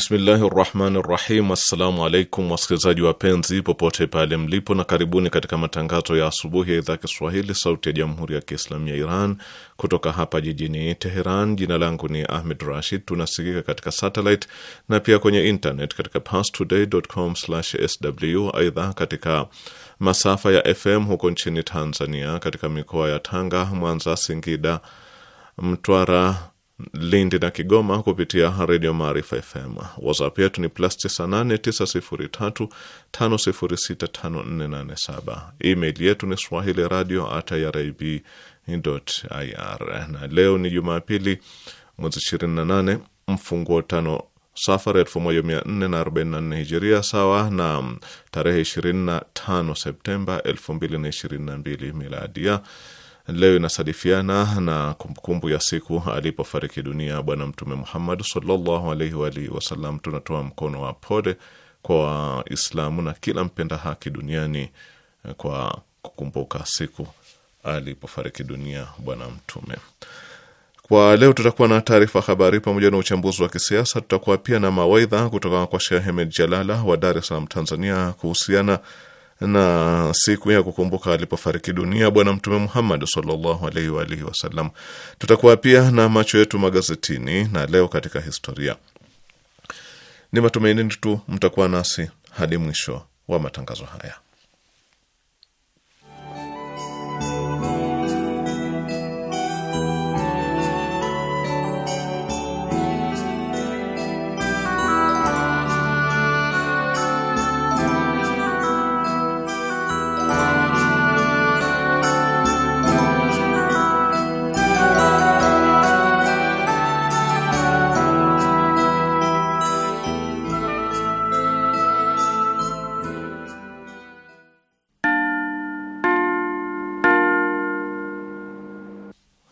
Bismillahi rahmani rahim. Assalamu alaikum wasikilizaji wapenzi popote pale mlipo, na karibuni katika matangazo ya asubuhi ya idhaa Kiswahili sauti ya jamhuri ya Kiislamu ya Iran kutoka hapa jijini Teheran. Jina langu ni Ahmed Rashid. Tunasikika katika satellite na pia kwenye internet katika parstoday.com/sw. Aidha, katika masafa ya FM huko nchini Tanzania, katika mikoa ya Tanga, Mwanza, Singida, Mtwara Lindi na Kigoma kupitia redio Maarifa FM. WhatsApp yetu ni plus 989035065487. Email yetu ni swahili radio at irib ir. Na leo ni Jumapili, mwezi 28 mfunguo tano Safar 1444 hijiria sawa na tarehe 25 Septemba 2022 miladia leo inasadifiana na kumbukumbu ya siku alipofariki dunia Bwana Mtume Muhammad sallallahu alaihi wa alihi wasallam. Tunatoa mkono wa pole kwa Waislamu na kila mpenda haki duniani eh, kwa kukumbuka siku alipofariki dunia Bwana Mtume. Kwa leo tutakuwa na taarifa habari pamoja na uchambuzi wa kisiasa. Tutakuwa pia na mawaidha kutoka kwa Sheikh Ahmed Jalala wa Dar es Salaam, Tanzania kuhusiana na siku ya kukumbuka alipofariki dunia Bwana Mtume Muhammad sallallahu alaihi wa alihi wasallam. Tutakuwa pia na macho yetu magazetini na leo katika historia. Ni matumaini tu mtakuwa nasi hadi mwisho wa matangazo haya.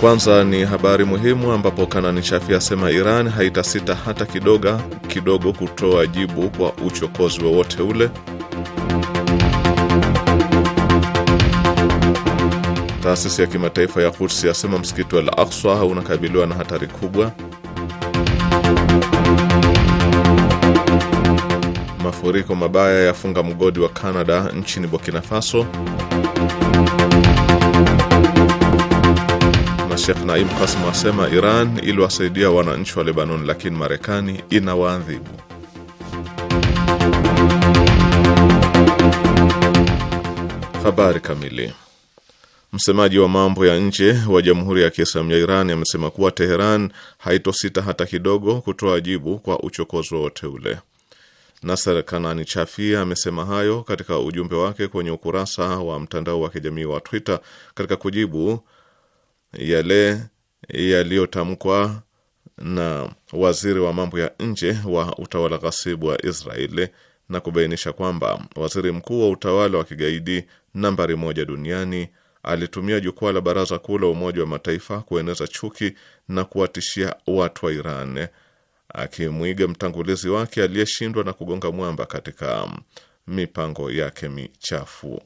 kwanza ni habari muhimu ambapo Kanani Chafi asema Iran haitasita hata kidoga kidogo kutoa jibu kwa uchokozi wowote ule. Taasisi ya kimataifa ya Quds yasema msikiti wa Al-Aqsa unakabiliwa na hatari kubwa. Mafuriko mabaya yafunga mgodi wa canada nchini Burkina Faso. Sheikh Naim Kasim asema Iran iliwasaidia wananchi wa Lebanon, lakini Marekani inawaadhibu. Habari kamili. Msemaji wa mambo ya nje wa Jamhuri ya Kiislamu ya Iran amesema kuwa Teheran haitosita hata kidogo kutoa jibu kwa uchokozi wowote ule. Nasser Kanani Chafi amesema hayo katika ujumbe wake kwenye ukurasa wa mtandao wa kijamii wa Twitter katika kujibu yale yaliyotamkwa na waziri wa mambo ya nje wa utawala ghasibu wa Israeli na kubainisha kwamba waziri mkuu wa utawala wa kigaidi nambari moja duniani alitumia jukwaa la Baraza Kuu la Umoja wa Mataifa kueneza chuki na kuwatishia watu wa Iran, akimwiga mtangulizi wake aliyeshindwa na kugonga mwamba katika mipango yake michafu.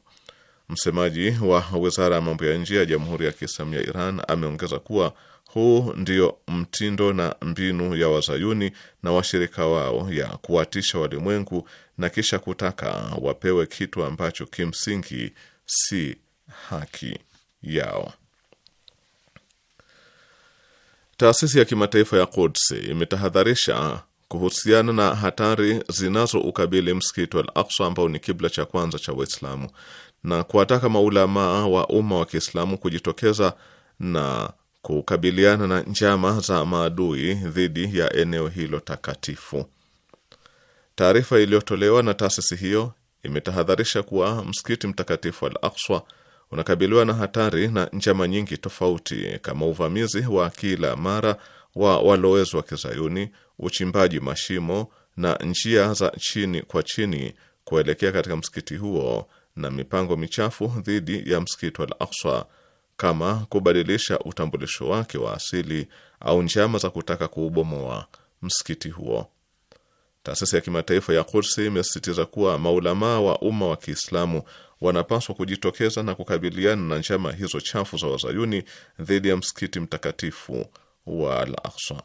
Msemaji wa wizara ya mambo ya nje ya Jamhuri ya Kiislamu ya Iran ameongeza kuwa huu ndio mtindo na mbinu ya wazayuni na washirika wao ya kuwatisha walimwengu na kisha kutaka wapewe kitu ambacho kimsingi si haki yao. Taasisi ya kimataifa ya Quds imetahadharisha kuhusiana na hatari zinazoukabili msikiti wa Al-Aqsa ambao ni kibla cha kwanza cha Waislamu na kuwataka maulamaa wa umma wa Kiislamu kujitokeza na kukabiliana na njama za maadui dhidi ya eneo hilo takatifu. Taarifa iliyotolewa na taasisi hiyo imetahadharisha kuwa msikiti mtakatifu Al Akswa unakabiliwa na hatari na njama nyingi tofauti kama uvamizi wa kila mara wa walowezi wa Kizayuni, uchimbaji mashimo na njia za chini kwa chini kuelekea katika msikiti huo na mipango michafu dhidi ya msikiti Al Aqsa kama kubadilisha utambulisho wake wa asili au njama za kutaka kuubomoa msikiti huo. Taasisi ya kimataifa ya Kursi imesisitiza kuwa maulamaa wa umma wa Kiislamu wanapaswa kujitokeza na kukabiliana na njama hizo chafu za wazayuni dhidi ya msikiti mtakatifu wa Al Aqsa.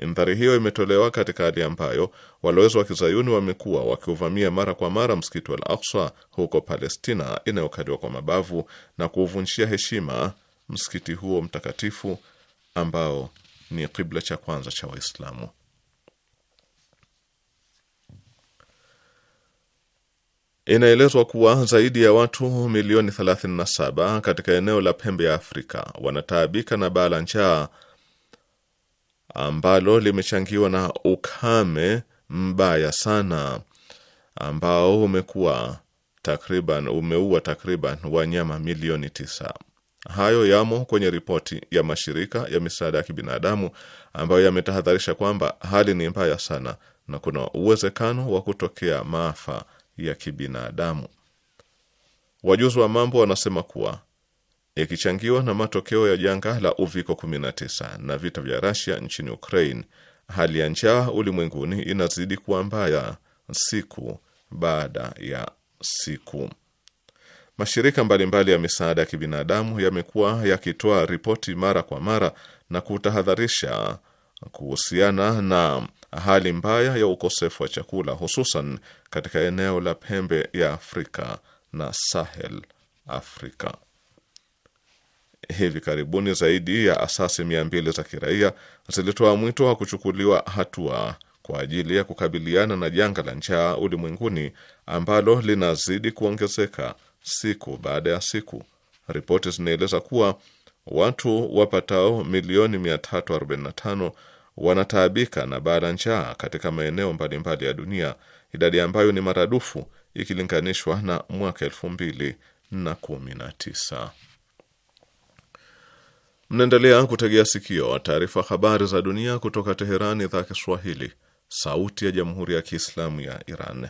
Indhari hiyo imetolewa katika hali ambayo walowezi wa kizayuni wamekuwa wakiuvamia mara kwa mara msikiti Al Aksa huko Palestina inayokaliwa kwa mabavu na kuuvunjia heshima msikiti huo mtakatifu ambao ni kibla cha kwanza cha Waislamu. Inaelezwa kuwa zaidi ya watu milioni 37 katika eneo la pembe ya Afrika wanataabika na baa la njaa ambalo limechangiwa na ukame mbaya sana ambao umekuwa takriban umeua takriban wanyama milioni tisa. Hayo yamo kwenye ripoti ya mashirika ya misaada ya kibinadamu ambayo yametahadharisha kwamba hali ni mbaya sana na kuna uwezekano wa kutokea maafa ya kibinadamu. Wajuzi wa mambo wanasema kuwa ikichangiwa na matokeo ya janga la uviko 19 na vita vya rusia nchini Ukraine, hali ya njaa ulimwenguni inazidi kuwa mbaya siku baada ya siku. Mashirika mbalimbali ya misaada ya kibinadamu yamekuwa yakitoa ripoti mara kwa mara na kutahadharisha kuhusiana na hali mbaya ya ukosefu wa chakula hususan katika eneo la pembe ya Afrika na Sahel Afrika hivi karibuni zaidi ya asasi mia mbili za kiraia zilitoa mwito wa kuchukuliwa hatua kwa ajili ya kukabiliana na janga la njaa ulimwenguni ambalo linazidi kuongezeka siku baada ya siku. Ripoti zinaeleza kuwa watu wapatao milioni 345 wanataabika na baa la njaa katika maeneo mbalimbali ya dunia, idadi ambayo ni maradufu ikilinganishwa na mwaka tisa. Mnaendelea kutegea sikio taarifa habari za dunia kutoka Teherani, idhaa Kiswahili, sauti ya jamhuri ya kiislamu ya Iran.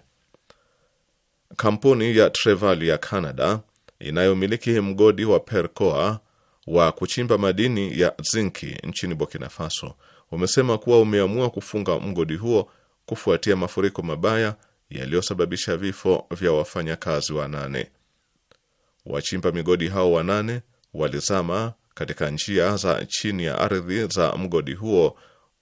Kampuni ya treval ya Canada inayomiliki mgodi wa Percoa wa kuchimba madini ya zinki nchini Burkina Faso umesema kuwa umeamua kufunga mgodi huo kufuatia mafuriko mabaya yaliyosababisha vifo vya wafanyakazi wanane. Wachimba migodi hao wanane walizama katika njia za chini ya ardhi za mgodi huo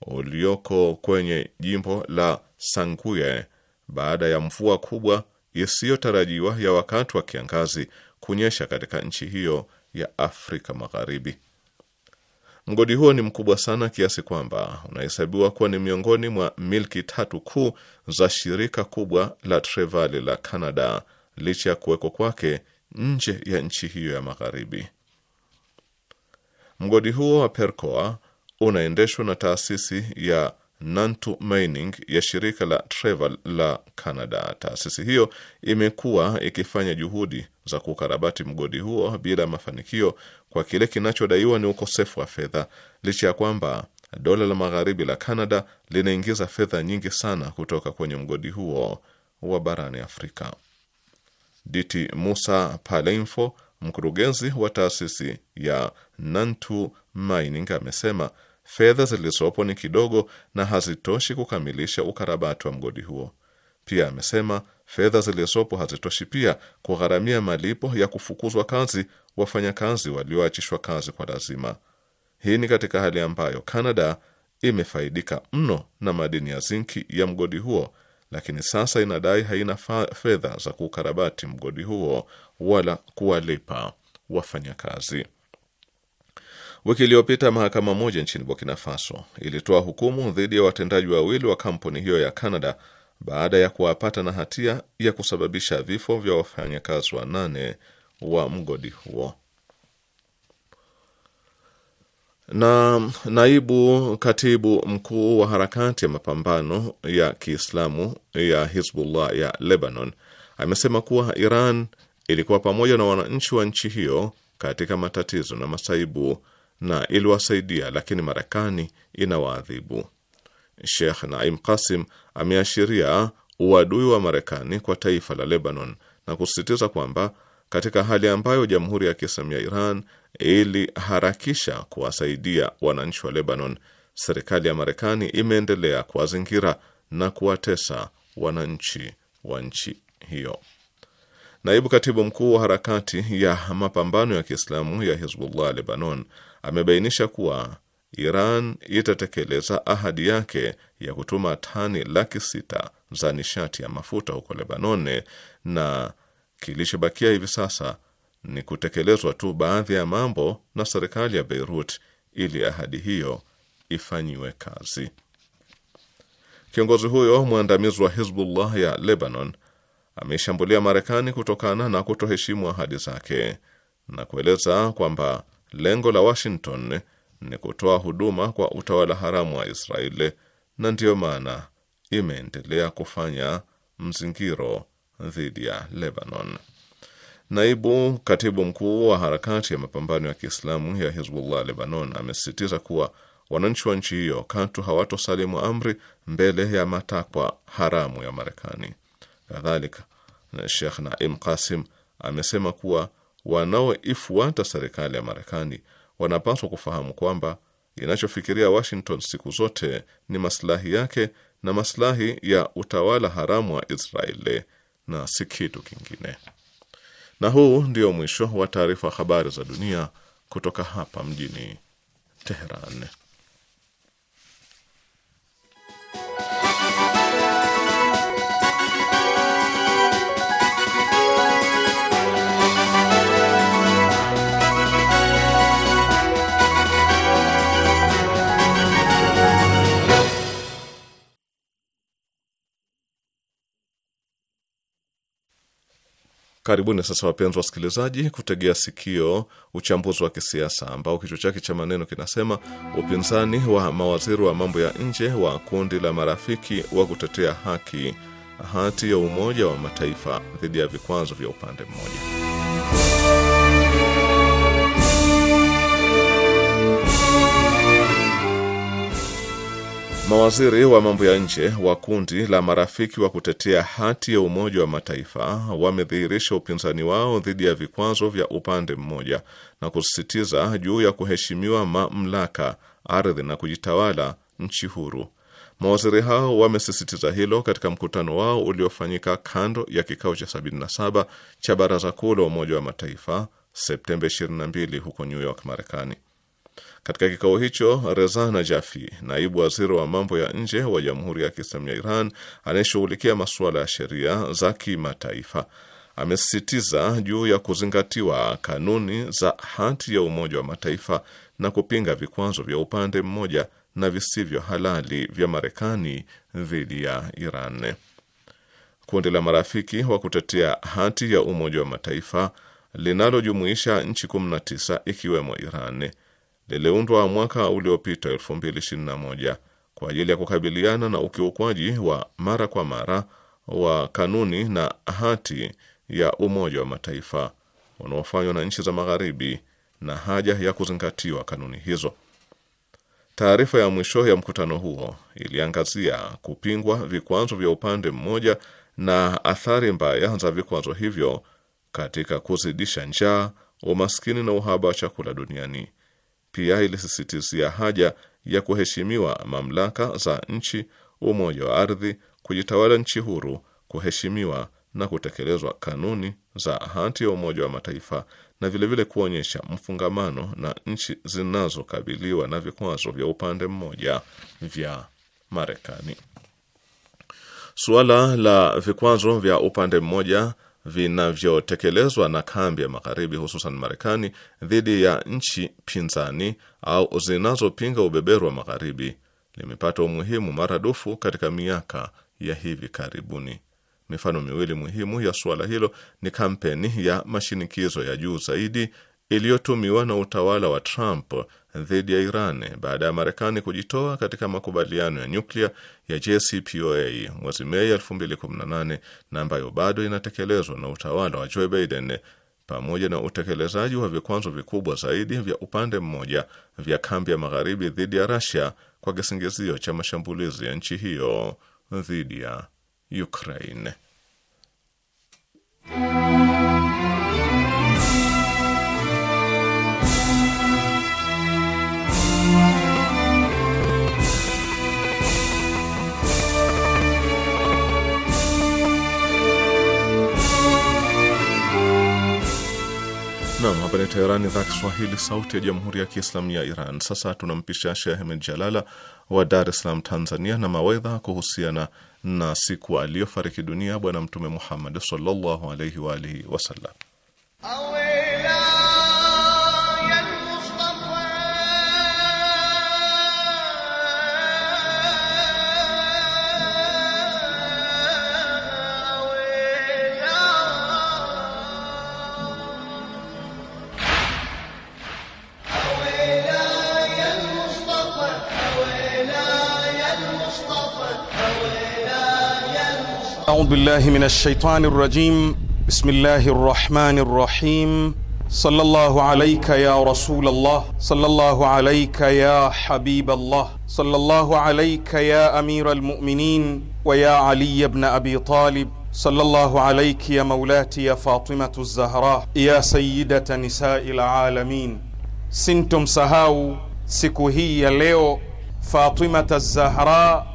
ulioko kwenye jimbo la Sanguye baada ya mvua kubwa isiyotarajiwa ya wakati wa kiangazi kunyesha katika nchi hiyo ya Afrika Magharibi. Mgodi huo ni mkubwa sana kiasi kwamba unahesabiwa kuwa ni miongoni mwa milki tatu kuu za shirika kubwa la Trevali la Canada licha ya kuwekwa kwake nje ya nchi hiyo ya magharibi. Mgodi huo wa Perkoa unaendeshwa na taasisi ya Nantu Mining ya shirika la Trevor la Canada. Taasisi hiyo imekuwa ikifanya juhudi za kukarabati mgodi huo bila mafanikio kwa kile kinachodaiwa ni ukosefu wa fedha, licha ya kwamba dola la magharibi la Canada linaingiza fedha nyingi sana kutoka kwenye mgodi huo wa barani Afrika. Diti Musa Palenfo Mkurugenzi wa taasisi ya Nantu Mining amesema fedha zilizopo ni kidogo na hazitoshi kukamilisha ukarabati wa mgodi huo. Pia amesema fedha zilizopo hazitoshi pia kugharamia malipo ya kufukuzwa kazi wafanyakazi walioachishwa kazi kwa lazima. Hii ni katika hali ambayo canada imefaidika mno na madini ya zinki ya mgodi huo lakini sasa inadai haina fedha za kukarabati mgodi huo wala kuwalipa wafanyakazi. Wiki iliyopita mahakama moja nchini Burkina Faso ilitoa hukumu dhidi ya watendaji wawili wa kampuni hiyo ya Canada baada ya kuwapata na hatia ya kusababisha vifo vya wafanyakazi wanane wa mgodi huo. na naibu katibu mkuu wa harakati ya mapambano ya Kiislamu ya Hizbullah ya Lebanon amesema kuwa Iran ilikuwa pamoja na wananchi wa nchi hiyo katika matatizo na masaibu na iliwasaidia, lakini Marekani inawaadhibu. Sheikh Naim Qasim ameashiria uadui wa Marekani kwa taifa la Lebanon na kusisitiza kwamba katika hali ambayo Jamhuri ya Kiislamu ya Iran iliharakisha kuwasaidia wananchi wa Lebanon, serikali ya Marekani imeendelea kuwazingira na kuwatesa wananchi wa nchi hiyo. Naibu katibu mkuu wa harakati ya mapambano ya Kiislamu ya Hizbullah Lebanon amebainisha kuwa Iran itatekeleza ahadi yake ya kutuma tani laki sita za nishati ya mafuta huko Lebanon na Kilichobakia hivi sasa ni kutekelezwa tu baadhi ya mambo na serikali ya Beirut ili ahadi hiyo ifanyiwe kazi. Kiongozi huyo mwandamizi wa Hizbullah ya Lebanon ameishambulia Marekani kutokana na kutoheshimu ahadi zake na kueleza kwamba lengo la Washington ni kutoa huduma kwa utawala haramu wa Israeli na ndiyo maana imeendelea kufanya mzingiro dhidi ya Lebanon. Naibu katibu mkuu wa harakati ya mapambano ya Kiislamu ya Hizbullah Lebanon amesisitiza kuwa wananchi wa nchi hiyo katu hawatosalimu amri mbele ya matakwa haramu ya Marekani. Kadhalika, Sheikh Naim Qasim amesema kuwa wanaoifuata serikali ya Marekani wanapaswa kufahamu kwamba inachofikiria Washington siku zote ni maslahi yake na maslahi ya utawala haramu wa Israeli na si kitu kingine. Na huu ndio mwisho wa taarifa habari za dunia kutoka hapa mjini Teheran. Karibuni sasa wapenzi wasikilizaji, kutegea sikio uchambuzi wa kisiasa ambao kichwa chake cha maneno kinasema upinzani wa mawaziri wa mambo ya nje wa kundi la marafiki wa kutetea haki hati ya Umoja wa Mataifa dhidi ya vikwazo vya upande mmoja. Mawaziri wa mambo ya nje wa kundi la marafiki wa kutetea hati ya Umoja wa Mataifa wamedhihirisha upinzani wao dhidi ya vikwazo vya upande mmoja na kusisitiza juu ya kuheshimiwa mamlaka, ardhi na kujitawala nchi huru. Mawaziri hao wamesisitiza hilo katika mkutano wao uliofanyika kando ya kikao cha 77 cha Baraza Kuu la Umoja wa Mataifa Septemba 22 huko New York, Marekani. Katika kikao hicho, Reza Najafi, naibu waziri wa mambo ya nje wa Jamhuri ya Kiislamu ya Iran anayeshughulikia masuala ya sheria za kimataifa, amesisitiza juu ya kuzingatiwa kanuni za hati ya Umoja wa Mataifa na kupinga vikwazo vya upande mmoja na visivyo halali vya Marekani dhidi ya Iran. Kundi la marafiki wa kutetea hati ya Umoja wa Mataifa linalojumuisha nchi 19 ikiwemo Iran liliundwa mwaka uliopita 2021 kwa ajili ya kukabiliana na ukiukwaji wa mara kwa mara wa kanuni na hati ya Umoja wa Mataifa unaofanywa na nchi za Magharibi na haja ya kuzingatiwa kanuni hizo. Taarifa ya mwisho ya mkutano huo iliangazia kupingwa vikwazo vya upande mmoja na athari mbaya za vikwazo hivyo katika kuzidisha njaa, umaskini na uhaba wa chakula duniani pia ilisisitizia haja ya kuheshimiwa mamlaka za nchi, umoja wa ardhi, kujitawala nchi huru, kuheshimiwa na kutekelezwa kanuni za hati ya Umoja wa Mataifa na vilevile vile kuonyesha mfungamano na nchi zinazokabiliwa na vikwazo vya upande mmoja vya Marekani. Suala la vikwazo vya upande mmoja vinavyotekelezwa na kambi ya Magharibi, hususan Marekani, dhidi ya nchi pinzani au zinazopinga ubeberu wa Magharibi limepata umuhimu maradufu katika miaka ya hivi karibuni. Mifano miwili muhimu ya suala hilo ni kampeni ya mashinikizo ya juu zaidi iliyotumiwa na utawala wa Trump dhidi ya Iran baada ya Marekani kujitoa katika makubaliano ya nyuklia ya JCPOA mwezi Mei 2018 na ambayo bado inatekelezwa na utawala wa Joe Biden pamoja na utekelezaji wa vikwazo vikubwa zaidi vya upande mmoja vya kambi ya magharibi dhidi ya Russia kwa kisingizio cha mashambulizi ya nchi hiyo dhidi ya Ukraine. Nam, hapa ni Teherani, idhaa Kiswahili, sauti ya jamhuri ya kiislamu ya Iran. Sasa tunampisha Sheh Ahmed Jalala wa Dar es Salaam, Tanzania, na mawaidha kuhusiana na siku aliyofariki dunia Bwana Mtume Muhammad sallallahu alaihi waalihi wasallam. بالله من الشيطان الرجيم بسم الله الرحمن الرحيم صلى الله عليك يا رسول الله صلى الله عليك يا حبيب الله صلى الله عليك يا امير المؤمنين ويا علي بن ابي طالب صلى الله عليك يا مولاتي يا فاطمه الزهراء يا سيده نساء العالمين سنتم سهاو سكوهي ليو فاطمة fatimata الزهراء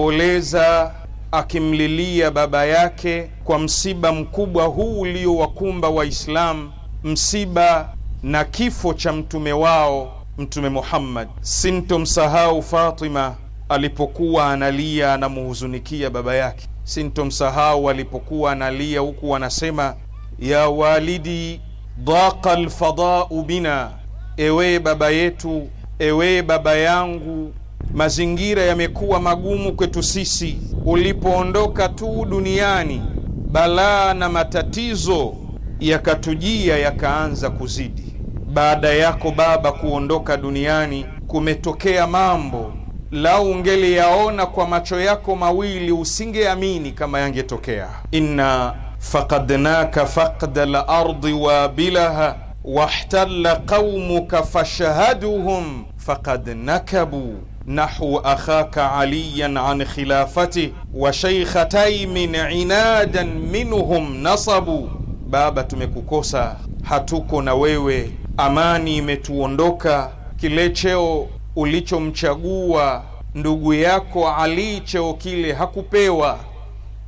بوليزا akimlilia baba yake kwa msiba mkubwa huu uliowakumba Waislamu, msiba na kifo cha mtume wao Mtume Muhammad. Sintomsahau Fatima alipokuwa analia anamuhuzunikia baba yake. Sintomsahau alipokuwa analia huku wanasema ya walidi daka lfadau bina, ewe baba yetu, ewe baba yangu mazingira yamekuwa magumu kwetu sisi. Ulipoondoka tu duniani, balaa na matatizo yakatujia, yakaanza kuzidi. Baada yako baba kuondoka duniani, kumetokea mambo lau ungeliyaona kwa macho yako mawili usingeamini kama yangetokea. inna faqadnaka faqda lardi wabilaha wahtalla qaumuka fashahaduhum faqad nakabu نحو أخاك عليا عن خلافته وشيختي من عنادا منهم نصبوا Baba, tumekukosa hatuko na wewe, amani imetuondoka. Kile cheo ulichomchagua ndugu yako Ali, cheo kile hakupewa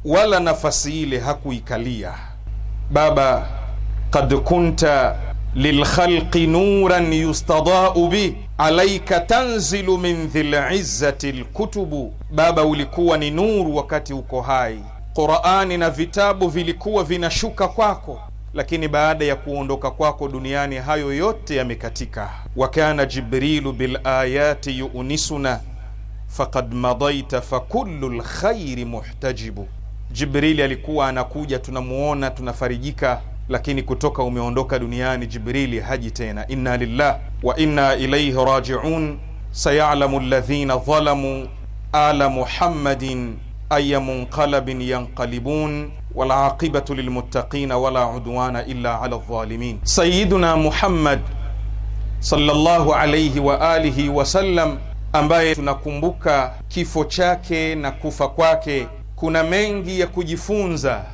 wala nafasi ile hakuikalia. Baba, kad kunta lilkhalqi nuran yustadau bih alaika tanzilu min dhil lkutubu, baba ulikuwa ni nuru wakati uko hai, Qurani na vitabu vilikuwa vinashuka kwako, lakini baada ya kuondoka kwako duniani hayo yote yamekatika. Wakana jibrilu bilayati yuunisuna fakad madaita fakullu lkhairi muhtajibu, Jibrili alikuwa anakuja, tunamuona, tunafarijika lakini kutoka umeondoka duniani Jibrili haji tena. Inna lillah wa inna ilaihi rajiun. Sayalamu alladhina dhalamu ala muhammadin aya munqalabin yanqalibun walaaqibatu lilmuttaqina wala udwana illa ala dhalimin. Sayiduna Muhammad sallallahu alayhi wa alihi wasallam, ambaye tunakumbuka kifo chake na kufa kwake, kuna mengi ya kujifunza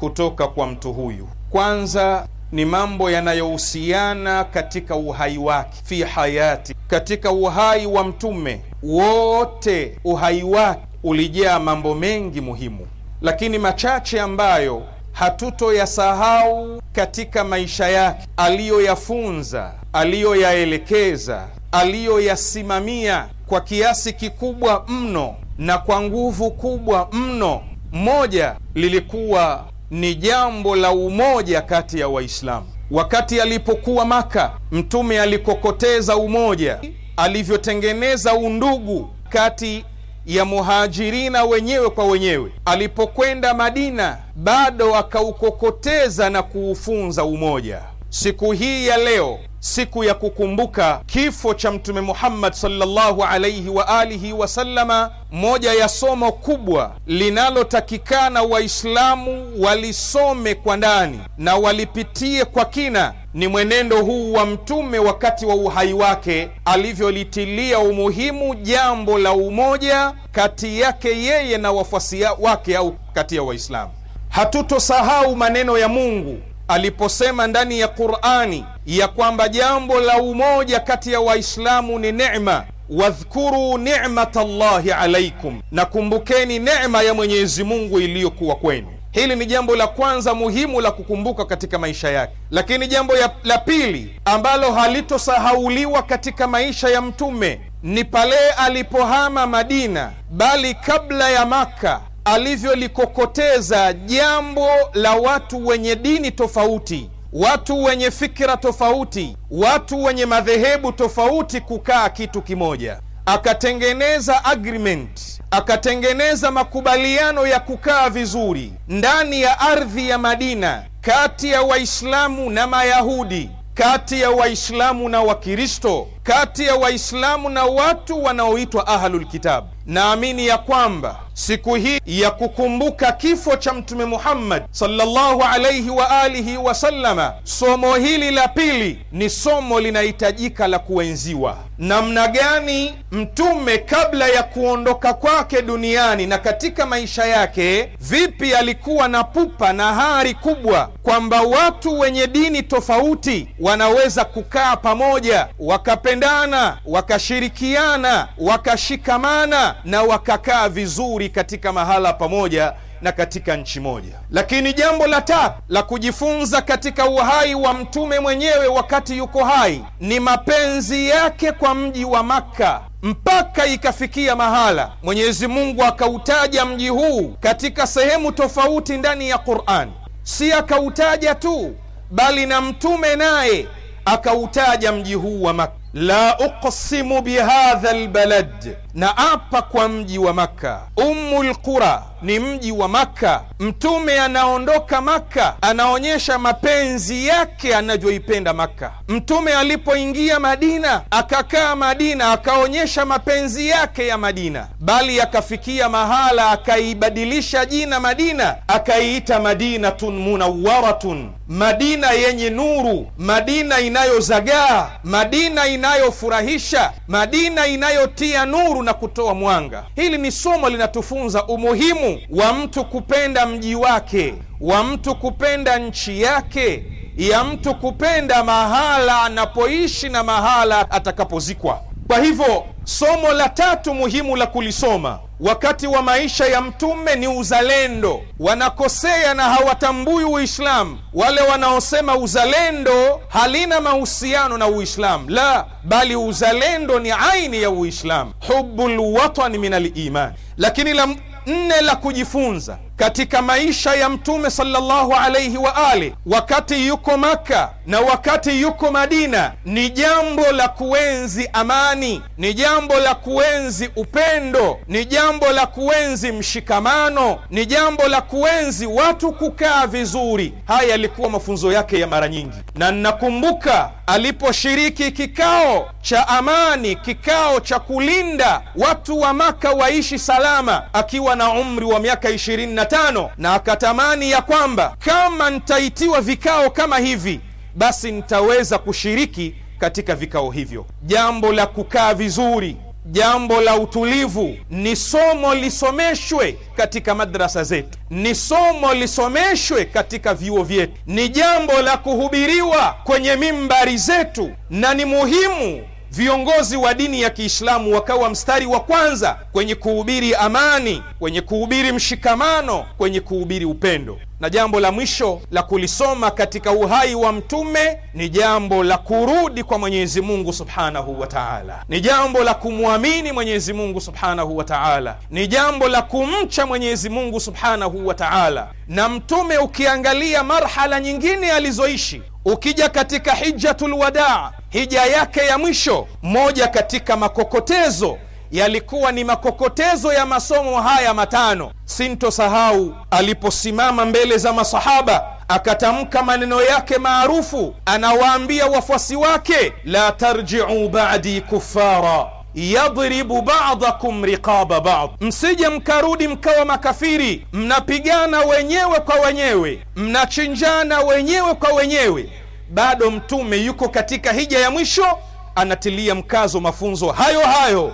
kutoka kwa mtu huyu. Kwanza ni mambo yanayohusiana katika uhai wake, fi hayati, katika uhai wa mtume wote, uhai wake ulijaa mambo mengi muhimu, lakini machache ambayo hatutoyasahau katika maisha yake, aliyoyafunza, aliyoyaelekeza, aliyoyasimamia kwa kiasi kikubwa mno na kwa nguvu kubwa mno. Moja lilikuwa ni jambo la umoja kati ya Waislamu. Wakati alipokuwa Maka, Mtume alikokoteza umoja, alivyotengeneza undugu kati ya muhajirina wenyewe kwa wenyewe. Alipokwenda Madina, bado akaukokoteza na kuufunza umoja. Siku hii ya leo siku ya kukumbuka kifo cha Mtume Muhammad sallallahu alaihi wa alihi wasallama, moja ya somo kubwa linalotakikana Waislamu walisome kwa ndani na walipitie kwa kina ni mwenendo huu wa Mtume wakati wa uhai wake, alivyolitilia umuhimu jambo la umoja kati yake yeye na wafuasi wake au kati ya Waislamu. Hatutosahau maneno ya Mungu aliposema ndani ya Qur'ani ya kwamba jambo la umoja kati ya Waislamu ni neema, wadhkuru ni'mata llahi alaikum, na kumbukeni neema ya Mwenyezi Mungu iliyokuwa kwenu. Hili ni jambo la kwanza muhimu la kukumbuka katika maisha yake, lakini jambo ya, la pili ambalo halitosahauliwa katika maisha ya Mtume ni pale alipohama Madina, bali kabla ya Maka alivyolikokoteza jambo la watu wenye dini tofauti, watu wenye fikra tofauti, watu wenye madhehebu tofauti kukaa kitu kimoja, akatengeneza agreement, akatengeneza makubaliano ya kukaa vizuri ndani ya ardhi ya Madina, kati ya Waislamu na Mayahudi, kati ya Waislamu na Wakristo, kati ya Waislamu na watu wanaoitwa ahlulkitabu Naamini ya kwamba siku hii ya kukumbuka kifo cha Mtume Muhammad sallallahu alayhi wa alihi wasallama, somo hili la pili ni somo linahitajika la kuenziwa namna gani mtume kabla ya kuondoka kwake duniani na katika maisha yake, vipi alikuwa na pupa na hari kubwa kwamba watu wenye dini tofauti wanaweza kukaa pamoja wakapendana, wakashirikiana, wakashikamana na wakakaa vizuri katika mahala pamoja na katika nchi moja. Lakini jambo la tatu la kujifunza katika uhai wa mtume mwenyewe wakati yuko hai ni mapenzi yake kwa mji wa Makka mpaka ikafikia mahala Mwenyezi Mungu akautaja mji huu katika sehemu tofauti ndani ya Qur'an. Si akautaja tu, bali na mtume naye akautaja mji huu wa Makka, la uqsimu bihadha albalad na apa kwa mji wa Makka. Ummul Qura ni mji wa Makka. Mtume anaondoka Makka, anaonyesha mapenzi yake anavyoipenda Makka. Mtume alipoingia Madina, akakaa Madina, akaonyesha mapenzi yake ya Madina, bali akafikia mahala akaibadilisha jina Madina, akaiita Madinatun Munawaratun, Madina yenye nuru, Madina inayozagaa, Madina inayofurahisha, Madina inayotia nuru nuru na kutoa mwanga. Hili ni somo linatufunza umuhimu wa mtu kupenda mji wake, wa mtu kupenda nchi yake, ya mtu kupenda mahala anapoishi na mahala atakapozikwa. Kwa hivyo somo la tatu muhimu la kulisoma wakati wa maisha ya mtume ni uzalendo. Wanakosea na hawatambui Uislamu wale wanaosema uzalendo halina mahusiano na Uislamu. La, bali uzalendo ni aini ya Uislamu, hubbul watani min aliman. Lakini la nne la kujifunza katika maisha ya Mtume sallallahu alaihi wa ali, wakati yuko Maka na wakati yuko Madina, ni jambo la kuenzi amani, ni jambo la kuenzi upendo, ni jambo la kuenzi mshikamano, ni jambo la kuenzi watu kukaa vizuri. Haya yalikuwa mafunzo yake ya mara nyingi, na nnakumbuka aliposhiriki kikao cha amani, kikao cha kulinda watu wa Maka waishi salama, akiwa na umri wa miaka ishirini na tano, na akatamani ya kwamba kama nitaitiwa vikao kama hivi, basi nitaweza kushiriki katika vikao hivyo. Jambo la kukaa vizuri, jambo la utulivu, ni somo lisomeshwe katika madrasa zetu, ni somo lisomeshwe katika vyuo vyetu, ni jambo la kuhubiriwa kwenye mimbari zetu, na ni muhimu viongozi wa dini ya Kiislamu wakawa mstari wa kwanza kwenye kuhubiri amani, kwenye kuhubiri mshikamano, kwenye kuhubiri upendo. Na jambo la mwisho la kulisoma katika uhai wa mtume ni jambo la kurudi kwa Mwenyezi Mungu subhanahu wa taala, ni jambo la kumwamini Mwenyezi Mungu subhanahu wa taala, ni jambo la kumcha Mwenyezi Mungu subhanahu wa taala. Na mtume ukiangalia marhala nyingine alizoishi Ukija katika hijatul wadaa, hija yake ya mwisho, moja katika makokotezo yalikuwa ni makokotezo ya masomo haya matano. Sintosahau aliposimama mbele za masahaba akatamka maneno yake maarufu, anawaambia wafuasi wake, la tarjiu ba'di kuffara yadribu ba'dakum riqaba ba'd, msije mkarudi mkawa makafiri, mnapigana wenyewe kwa wenyewe, mnachinjana wenyewe kwa wenyewe. Bado Mtume yuko katika hija ya mwisho, anatilia mkazo mafunzo hayo hayo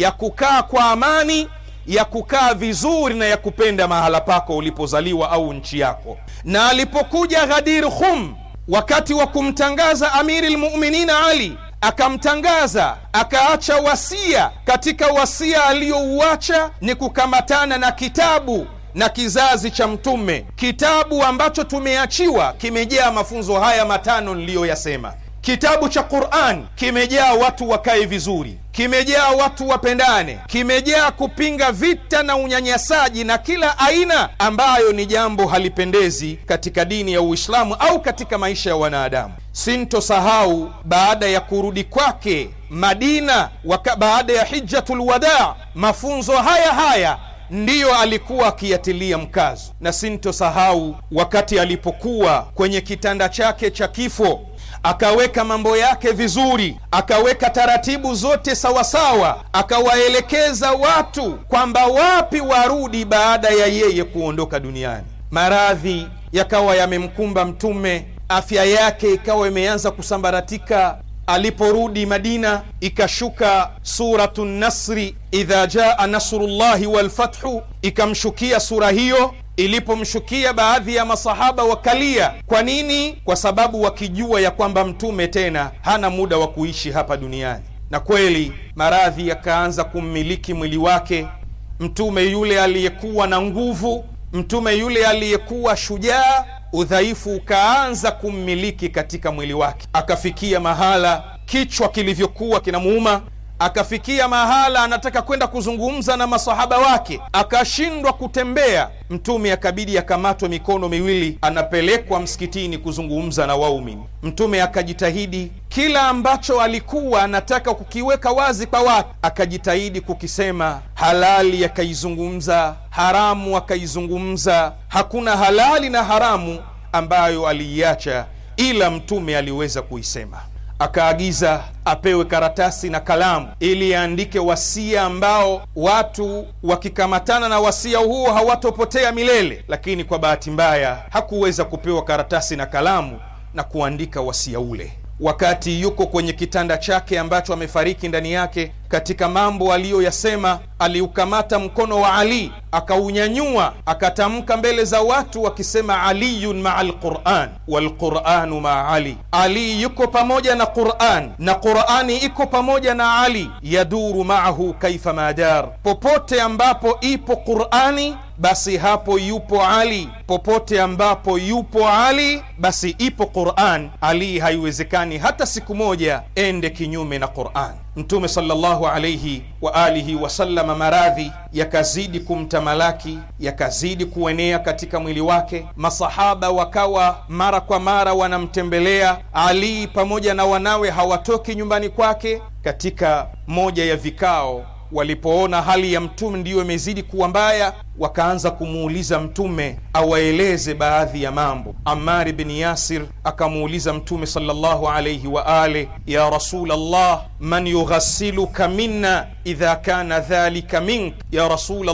ya kukaa kwa amani ya kukaa vizuri na ya kupenda mahala pako ulipozaliwa au nchi yako. Na alipokuja Ghadir Khum, wakati wa kumtangaza Amiri lmuminin Ali, akamtangaza akaacha wasia. Katika wasia aliyouacha ni kukamatana na kitabu na kizazi cha Mtume, kitabu ambacho tumeachiwa kimejaa mafunzo haya matano niliyoyasema. Kitabu cha Qur'an kimejaa watu wakae vizuri, kimejaa watu wapendane, kimejaa kupinga vita na unyanyasaji na kila aina ambayo ni jambo halipendezi katika dini ya Uislamu au katika maisha ya wanadamu. Sintosahau baada ya kurudi kwake Madina waka, baada ya Hijjatul Wadaa, mafunzo haya haya ndiyo alikuwa akiyatilia mkazo, na sintosahau wakati alipokuwa kwenye kitanda chake cha kifo akaweka mambo yake vizuri, akaweka taratibu zote sawasawa, akawaelekeza watu kwamba wapi warudi baada ya yeye kuondoka duniani. Maradhi yakawa yamemkumba Mtume, afya yake ikawa imeanza kusambaratika. Aliporudi Madina, ikashuka suratu Nasri, idha jaa nasrullahi walfathu, ikamshukia sura hiyo ilipomshukia baadhi ya masahaba wakalia. Kwa nini? Kwa sababu wakijua ya kwamba mtume tena hana muda wa kuishi hapa duniani, na kweli maradhi yakaanza kummiliki mwili wake. Mtume yule aliyekuwa na nguvu, mtume yule aliyekuwa shujaa, udhaifu ukaanza kummiliki katika mwili wake, akafikia mahala kichwa kilivyokuwa kinamuuma akafikia mahala anataka kwenda kuzungumza na masahaba wake, akashindwa kutembea. Mtume akabidi akamatwa mikono miwili, anapelekwa msikitini kuzungumza na waumini. Mtume akajitahidi kila ambacho alikuwa anataka kukiweka wazi kwa watu, akajitahidi kukisema. Halali akaizungumza, haramu akaizungumza. Hakuna halali na haramu ambayo aliiacha, ila Mtume aliweza kuisema akaagiza apewe karatasi na kalamu ili aandike wasia ambao watu wakikamatana na wasia huo hawatopotea milele. Lakini kwa bahati mbaya hakuweza kupewa karatasi na kalamu na kuandika wasia ule. Wakati yuko kwenye kitanda chake ambacho amefariki ndani yake, katika mambo aliyoyasema aliukamata mkono wa Ali akaunyanyua akatamka mbele za watu wakisema, aliyun maa alquran walquranu maa ali, Ali yuko pamoja na Quran na Qurani iko pamoja na Ali, yaduru maahu kaifa madar, popote ambapo ipo Qurani basi hapo yupo Ali, popote ambapo yupo Ali basi ipo Quran. Ali haiwezekani hata siku moja ende kinyume na Quran. Mtume sallallahu alaihi wa alihi wasallama, maradhi yakazidi kumtamalaki, yakazidi kuenea katika mwili wake. Masahaba wakawa mara kwa mara wanamtembelea Ali pamoja na wanawe, hawatoki nyumbani kwake. Katika moja ya vikao walipoona hali ya mtume ndiyo imezidi kuwa mbaya, wakaanza kumuuliza mtume awaeleze baadhi ya mambo. amari ibn Yasir akamuuliza mtume sallallahu alayhi wa ale, ya rasul man yughasiluka minna idha kana dhalika mink, ya rasul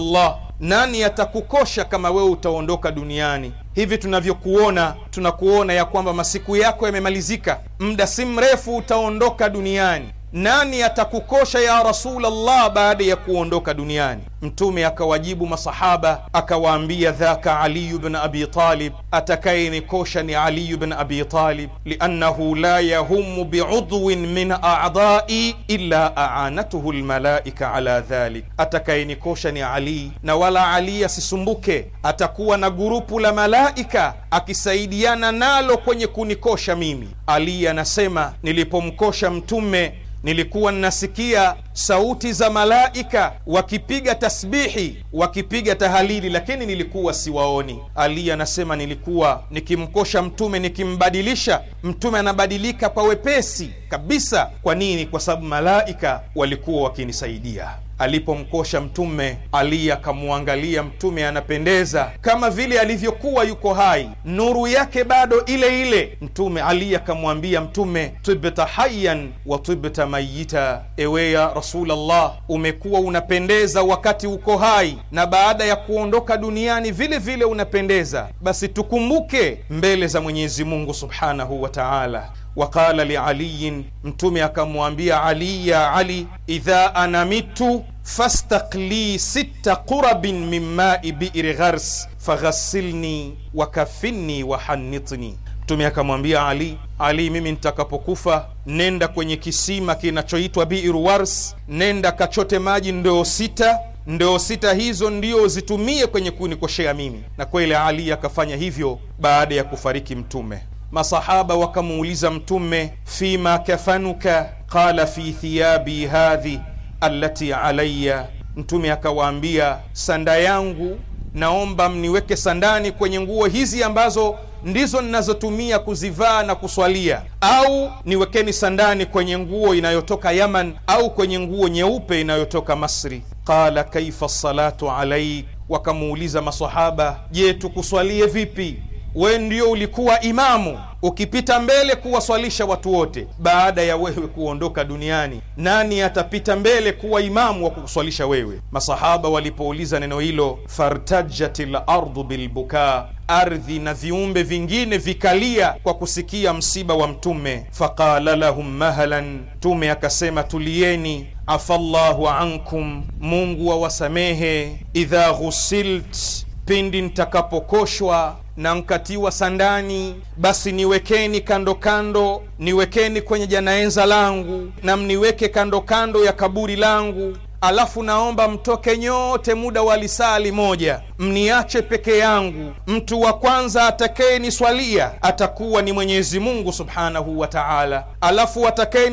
nani atakukosha kama wewe utaondoka duniani hivi tunavyokuona, tunakuona ya kwamba masiku yako yamemalizika, muda si mrefu utaondoka duniani nani atakukosha ya Rasulullah baada ya kuondoka duniani? Mtume akawajibu masahaba akawaambia, dhaka Aliyu bn Abi Talib, atakayenikosha ni Aliyu bn Abi Talib, liannahu la yahumu biudwin min a'dai illa aanatuhu lmalaika ala dhalik, atakayenikosha ni Ali na wala Ali asisumbuke, atakuwa na gurupu la malaika akisaidiana nalo kwenye kunikosha mimi. Ali anasema nilipomkosha Mtume nilikuwa ninasikia sauti za malaika wakipiga tasbihi, wakipiga tahalili, lakini nilikuwa siwaoni. Ali anasema nilikuwa nikimkosha Mtume, nikimbadilisha Mtume, anabadilika kwa wepesi kabisa. Kwa nini? Kwa sababu malaika walikuwa wakinisaidia. Alipomkosha Mtume, Ali akamwangalia Mtume anapendeza kama vile alivyokuwa yuko hai, nuru yake bado ile ile. Mtume Ali akamwambia Mtume, tibta hayan wa tibta mayita, ewe ya Rasulullah, umekuwa unapendeza wakati uko hai na baada ya kuondoka duniani vile vile unapendeza. Basi tukumbuke mbele za Mwenyezi Mungu subhanahu wa taala Waqala lialiyin, Mtume akamwambia Ali, ya Ali, idha ana mitu fastakli sita qurabin min mai biri ghars faghasilni wakafinni wahannitni. Mtume akamwambia Ali, Ali, mimi nitakapokufa nenda kwenye kisima kinachoitwa biru wars, nenda kachote maji ndoo sita ndoo sita hizo ndio zitumie kwenye kunikoshea mimi. Na kweli Ali akafanya hivyo baada ya kufariki Mtume masahaba wakamuuliza Mtume, fima kafanuka, qala fi thiyabi hadhi allati alaya. Mtume akawaambia, sanda yangu naomba mniweke sandani kwenye nguo hizi ambazo ndizo ninazotumia kuzivaa na kuswalia, au niwekeni sandani kwenye nguo inayotoka Yaman au kwenye nguo nyeupe inayotoka Masri. Qala kaifa salatu alaik, wakamuuliza masahaba, je, tukuswalie vipi? we ndio ulikuwa imamu ukipita mbele kuwaswalisha watu wote. Baada ya wewe kuondoka duniani, nani atapita mbele kuwa imamu wa kukuswalisha wewe? Masahaba walipouliza neno hilo, fartajat lardu bilbukaa, ardhi na viumbe vingine vikalia kwa kusikia msiba wa Mtume. Faqala lahum mahalan, Mtume akasema tulieni. Afallahu ankum, Mungu wawasamehe Idha ghusilt, pindi ntakapokoshwa na mkatiwa sandani, basi niwekeni kando kando, niwekeni kwenye janaenza langu, na mniweke kando kando ya kaburi langu. Alafu naomba mtoke nyote muda wa lisali moja, mniache peke yangu. Mtu wa kwanza atakayeniswalia atakuwa ni Mwenyezi Mungu subhanahu wa taala, alafu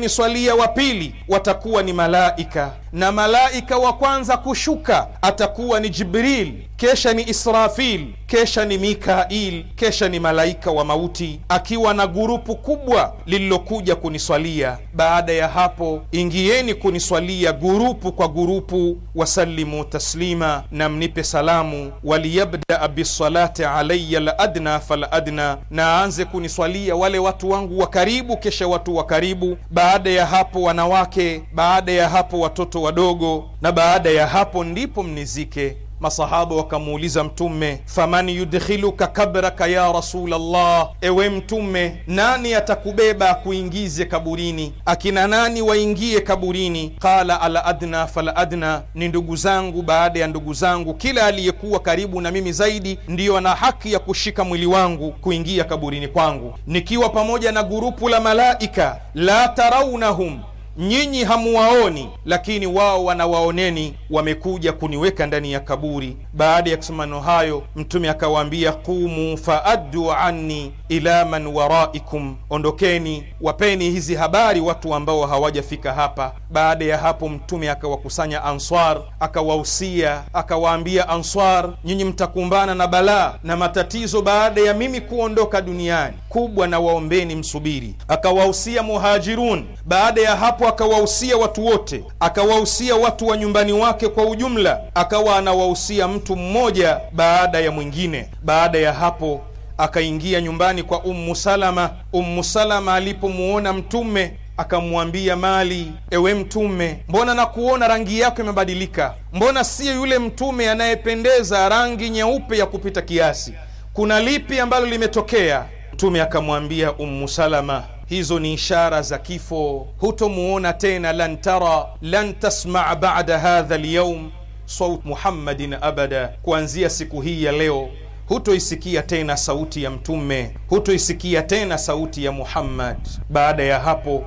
swalia wa pili watakuwa ni malaika, na malaika wa kwanza kushuka atakuwa ni jibrili kesha ni Israfil, kesha ni Mikail, kesha ni malaika wa mauti akiwa na gurupu kubwa lililokuja kuniswalia. Baada ya hapo, ingieni kuniswalia gurupu kwa gurupu, wasalimu taslima, na mnipe salamu. Waliyabdaa bisalati alaya ladna faladna, na aanze kuniswalia wale watu wangu wa karibu, kesha watu wa karibu. Baada ya hapo, wanawake, baada ya hapo, watoto wadogo, na baada ya hapo ndipo mnizike. Masahaba wakamuuliza Mtume, faman yudkhiluka kabraka ya rasul Allah, ewe Mtume, nani atakubeba akuingize kaburini? Akina nani waingie kaburini? Qala aladna adna adna, ni ndugu zangu baada ya ndugu zangu, kila aliyekuwa karibu na mimi zaidi ndiyo ana haki ya kushika mwili wangu kuingia kaburini kwangu, nikiwa pamoja na gurupu la malaika la tarawnahum nyinyi hamuwaoni, lakini wao wanawaoneni, wamekuja kuniweka ndani ya kaburi. Baada ya kusemano hayo, Mtume akawaambia qumu faaddu anni ila man waraikum, ondokeni, wapeni hizi habari watu ambao hawajafika hapa. Baada ya hapo, Mtume akawakusanya Answar, akawahusia, akawaambia Answar, nyinyi mtakumbana na balaa na matatizo baada ya mimi kuondoka duniani, kubwa na waombeni msubiri. Akawahusia Muhajirun, baada ya hapo akawahusia watu wote, akawahusia watu wa nyumbani wake kwa ujumla, akawa anawahusia mtu mmoja baada ya mwingine. Baada ya hapo akaingia nyumbani kwa Ummu Salama. Ummu Salama alipomuona Mtume akamwambia, Mali, ewe Mtume, mbona nakuona rangi yako imebadilika? Mbona siyo yule Mtume anayependeza, rangi nyeupe ya kupita kiasi? Kuna lipi ambalo limetokea? Mtume akamwambia Ummu Salama, hizo ni ishara za kifo, hutomuona tena. lan tara lan tasmaa bada hadha lyaum saut Muhammadin abada, kuanzia siku hii ya leo hutoisikia tena sauti ya Mtume, hutoisikia tena sauti ya Muhammad. Baada ya hapo,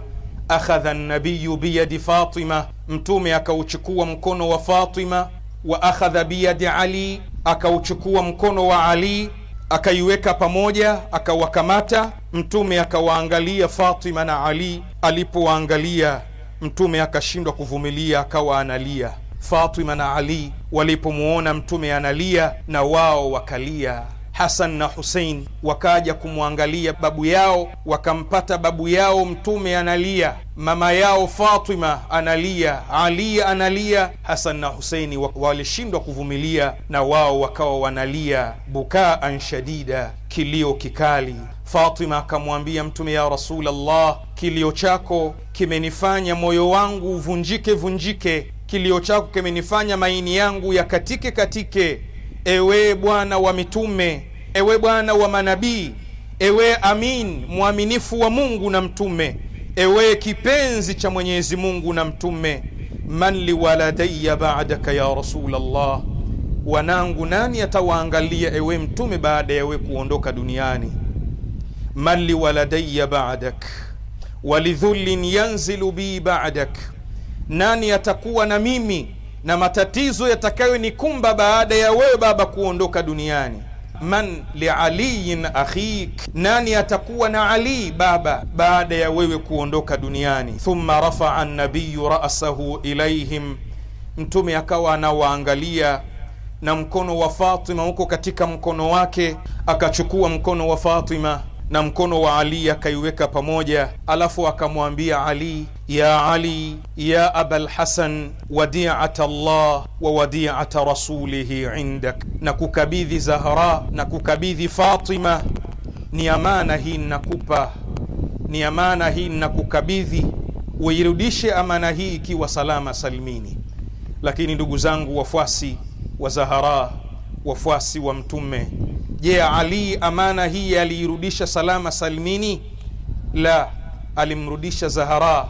akhadha nabiyu biyadi Fatima, Mtume akauchukua mkono wa Fatima. Wa akhadha biyadi Ali, akauchukua mkono wa Ali akaiweka pamoja, akawakamata. Mtume akawaangalia Fatima na Ali. Alipowaangalia Mtume akashindwa kuvumilia, akawa analia. Fatima na Ali walipomwona Mtume analia, na wao wakalia. Hasan na Husein wakaja kumwangalia babu yao, wakampata babu yao Mtume analia, mama yao Fatima analia, Ali analia. Hasan na Huseini walishindwa kuvumilia, na wao wakawa wanalia bukaan shadida, kilio kikali. Fatima akamwambia Mtume, ya Rasulullah, kilio chako kimenifanya moyo wangu uvunjike vunjike, kilio chako kimenifanya maini yangu yakatike katike ewe bwana wa mitume, ewe bwana wa manabii, ewe amin mwaminifu wa Mungu na mtume, ewe kipenzi cha Mwenyezi Mungu na mtume, man liwaladaya ba'daka ya Rasulullah, wanangu nani atawaangalia ewe mtume baada ya we kuondoka duniani? man liwaladaya ba'dak walidhullin yanzilu bi ba'dak, nani atakuwa na mimi na matatizo yatakayonikumba baada ya wewe baba kuondoka duniani. Man lialiyin akhik, nani atakuwa na Ali baba baada ya wewe kuondoka duniani. Thumma rafaa nabiyu rasahu ilaihim, Mtume akawa anawaangalia na mkono wa Fatima huko katika mkono wake, akachukua mkono wa Fatima na mkono wa Ali akaiweka pamoja, alafu akamwambia Ali, ya Ali ya abal Hasan, wadiata Allah wa wadiata rasulihi indak, na kukabidhi Zahra na kukabidhi Fatima, ni amana hii nnakupa, ni amana hii nnakukabidhi, uirudishe amana hii ikiwa salama salimini. Lakini ndugu zangu, wafuasi wa Zahara, wafuasi wa Mtume Je, Ali amana hii aliirudisha salama salimini? La, alimrudisha Zahara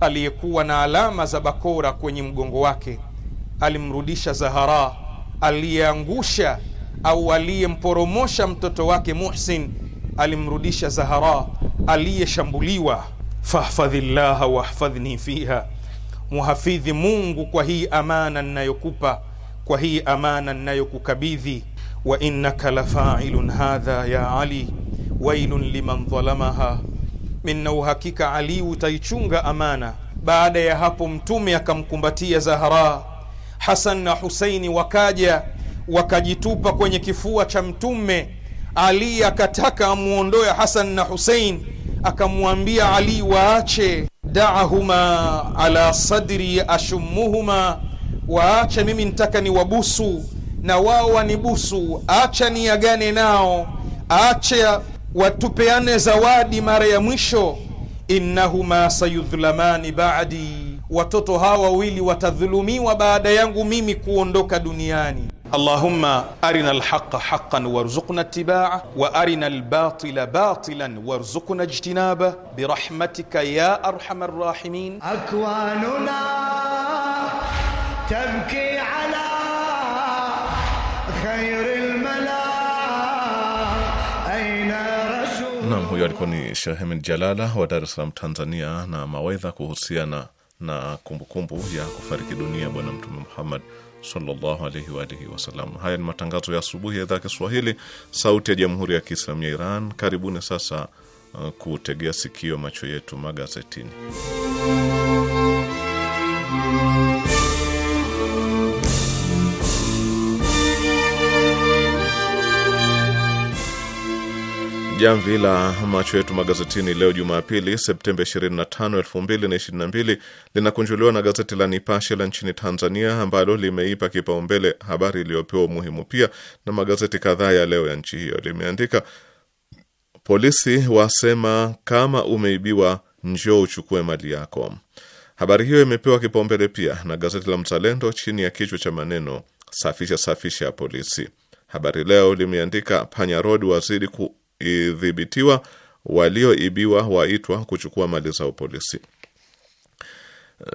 aliyekuwa na alama za bakora kwenye mgongo wake, alimrudisha Zahara aliyeangusha au aliyemporomosha mtoto wake Muhsin, alimrudisha Zahara aliyeshambuliwa. fahfadhi llaha wahfadhni fiha, muhafidhi Mungu kwa hii amana ninayokupa, kwa hii amana ninayokukabidhi wa innaka lafa'ilun hadha ya Ali wailun liman dhalamaha minna, uhakika Ali utaichunga amana. Baada ya hapo Mtume akamkumbatia zahara Hasan na Husaini wakaja wakajitupa kwenye kifua cha Mtume. Ali akataka amuondoe Hasan na Husein, akamwambia Ali waache, daahuma ala sadri ashumuhuma, waache mimi nitaka ni wabusu na wao wanibusu, acha niagane nao, acha watupeane zawadi mara ya mwisho. Innahuma sayudhlamani baadi, watoto hawa wawili watadhulumiwa baada yangu mimi kuondoka duniani. Allahumma arina alhaqa haqqan warzuqna ittiba'a wa arina albatila batilan warzuqna ijtinaba birahmatika ya arhamar rahimin akwanuna tabki alikuwa ni Shehemin Jalala wa Dar es Salaam, Tanzania, na mawaidha kuhusiana na kumbukumbu kumbu ya kufariki dunia Bwana Mtume Muhammad sallallahu alaihi wa alihi wasallam. Haya ni matangazo ya asubuhi ya idhaa ya Kiswahili, Sauti ya Jamhuri ya Kiislamu ya Iran. Karibuni sasa uh, kutegea sikio macho yetu magazetini jamvi la macho yetu magazetini leo Jumapili, Septemba 25, 2022 linakunjuliwa na gazeti la Nipashe la nchini Tanzania ambalo limeipa kipaumbele habari iliyopewa umuhimu pia na magazeti kadhaa ya leo ya nchi hiyo. Limeandika polisi wasema kama umeibiwa njoo uchukue mali yako. Habari hiyo imepewa kipaumbele pia na gazeti la Mzalendo chini ya kichwa cha maneno safisha safisha ya polisi. Habari Leo limeandika panya road wazidi ku idhibitiwa, walioibiwa waitwa kuchukua mali zao polisi.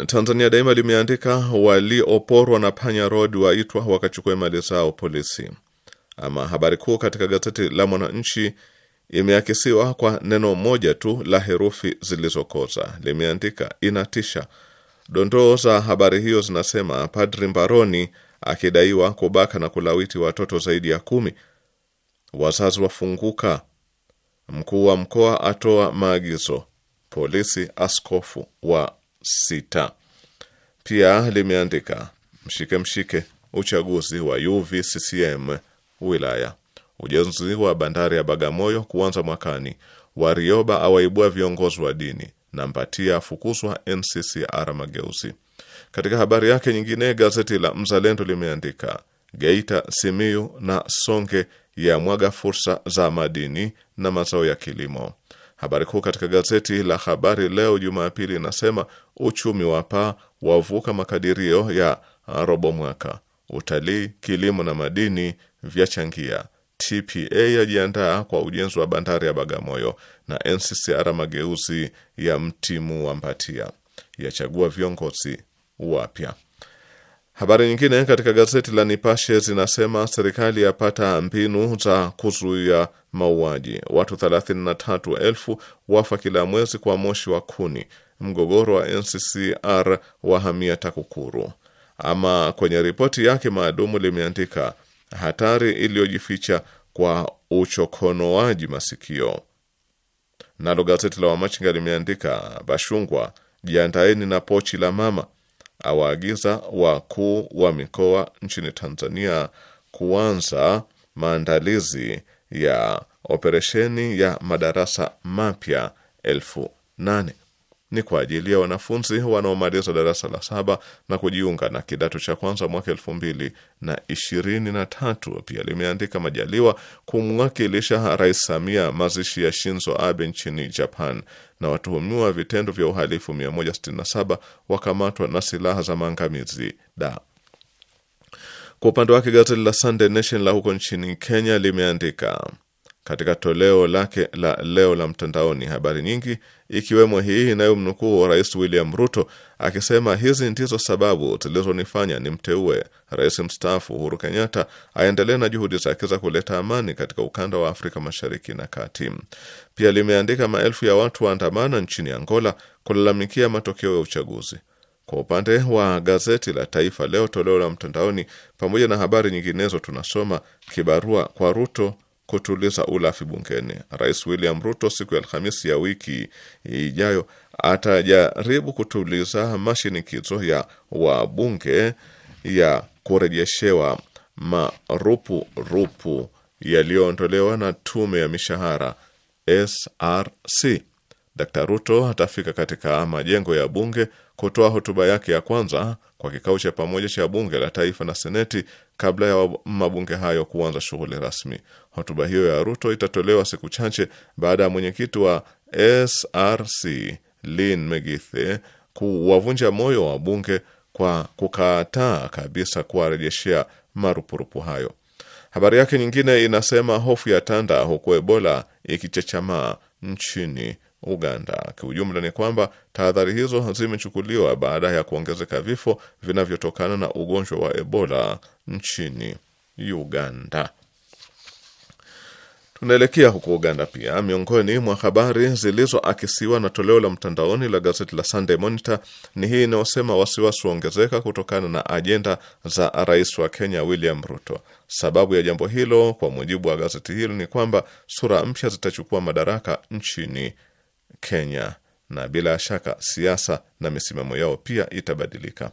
Tanzania Daima limeandika walioporwa na panya road waitwa wakachukua mali zao polisi. Ama habari kuu katika gazeti la Mwananchi imeakisiwa kwa neno moja tu la herufi zilizokoza, limeandika inatisha. Dondoo za habari hiyo zinasema Padri Mbaroni akidaiwa kubaka na kulawiti watoto zaidi ya kumi, wazazi wafunguka, Mkuu wa mkoa atoa maagizo, polisi askofu wa sita. Pia limeandika mshike mshike, uchaguzi wa UVCCM wilaya, ujenzi wa bandari ya Bagamoyo kuanza mwakani, Warioba awaibua viongozi wa dini na Mpatia afukuzwa NCCR Mageuzi. Katika habari yake nyingine, gazeti la Mzalendo limeandika Geita, Simiyu na Songe ya mwaga fursa za madini na mazao ya kilimo. Habari kuu katika gazeti la Habari Leo Jumapili inasema uchumi wa paa wavuka makadirio ya robo mwaka, utalii, kilimo na madini vyachangia, TPA yajiandaa kwa ujenzi wa bandari ya Bagamoyo na NCCR mageuzi ya mtimu wa Mbatia yachagua viongozi wapya. Habari nyingine katika gazeti la Nipashe zinasema serikali yapata mbinu za kuzuia mauaji, watu 33,000 wafa kila mwezi kwa moshi wa kuni, mgogoro wa NCCR wahamia TAKUKURU. Ama kwenye ripoti yake maalumu limeandika hatari iliyojificha kwa uchokonoaji masikio. Nalo gazeti la Wamachinga limeandika Bashungwa, jiandaeni na pochi la mama awaagiza wakuu wa mikoa nchini Tanzania kuanza maandalizi ya operesheni ya madarasa mapya elfu nane ni kwa ajili ya wanafunzi wanaomaliza darasa la saba na kujiunga na kidato cha kwanza mwaka elfu mbili na ishirini na tatu. Pia limeandika Majaliwa kumwakilisha Rais Samia mazishi ya Shinzo Abe nchini Japan, na watuhumiwa vitendo vya uhalifu 167 wakamatwa na silaha za maangamizi da kwa upande wake gazeti la Sunday Nation la huko nchini Kenya limeandika katika toleo lake la leo la mtandaoni habari nyingi ikiwemo hii inayomnukuu Rais William Ruto akisema hizi ndizo sababu zilizonifanya nimteue rais mstaafu Uhuru Kenyatta aendelee na juhudi zake za kuleta amani katika ukanda wa Afrika Mashariki na Kati. Pia limeandika maelfu ya watu waandamana nchini Angola kulalamikia matokeo ya uchaguzi. Kwa upande wa gazeti la Taifa Leo toleo la mtandaoni, pamoja na habari nyinginezo, tunasoma kibarua kwa Ruto kutuliza ulafi bungeni. Rais William Ruto siku ya Alhamisi ya wiki ijayo atajaribu kutuliza mashinikizo ya wabunge ya kurejeshewa marupurupu yaliyoondolewa na tume ya mishahara SRC. Dkt. Ruto atafika katika majengo ya bunge kutoa hotuba yake ya kwanza kwa kikao cha pamoja cha bunge la taifa na seneti kabla ya mabunge hayo kuanza shughuli rasmi. Hotuba hiyo ya Ruto itatolewa siku chache baada ya mwenyekiti wa SRC Lin Megithe kuwavunja moyo wa bunge kwa kukataa kabisa kuwarejeshea marupurupu hayo. Habari yake nyingine inasema hofu ya tanda huku Ebola ikichechamaa nchini Uganda. Kiujumla ni kwamba tahadhari hizo zimechukuliwa baada ya kuongezeka vifo vinavyotokana na ugonjwa wa Ebola nchini Uganda. Tunaelekea huko Uganda pia. Miongoni mwa habari zilizoakisiwa na toleo la mtandaoni la gazeti la Sunday Monitor ni hii inayosema wasiwasi waongezeka kutokana na ajenda za rais wa Kenya William Ruto. Sababu ya jambo hilo, kwa mujibu wa gazeti hilo, ni kwamba sura mpya zitachukua madaraka nchini Kenya, na bila shaka siasa na misimamo yao pia itabadilika.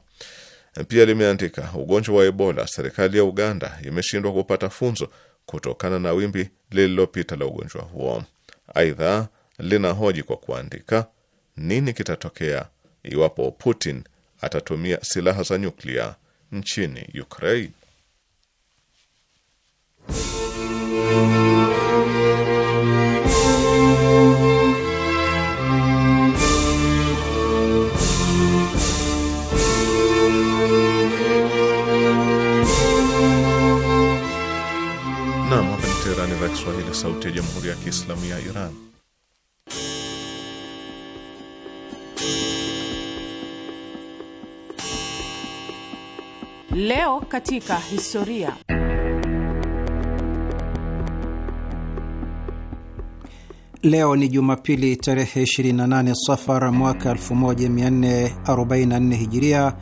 Pia limeandika ugonjwa wa Ebola, serikali ya Uganda imeshindwa kupata funzo kutokana na wimbi lililopita la ugonjwa huo. Aidha linahoji kwa kuandika, nini kitatokea iwapo Putin atatumia silaha za nyuklia nchini Ukraine? Kiswahili, sauti ya jamhuri ya kiislamu ya Iran. Leo katika historia. Leo ni Jumapili tarehe 28 Safar mwaka 1444 Hijiria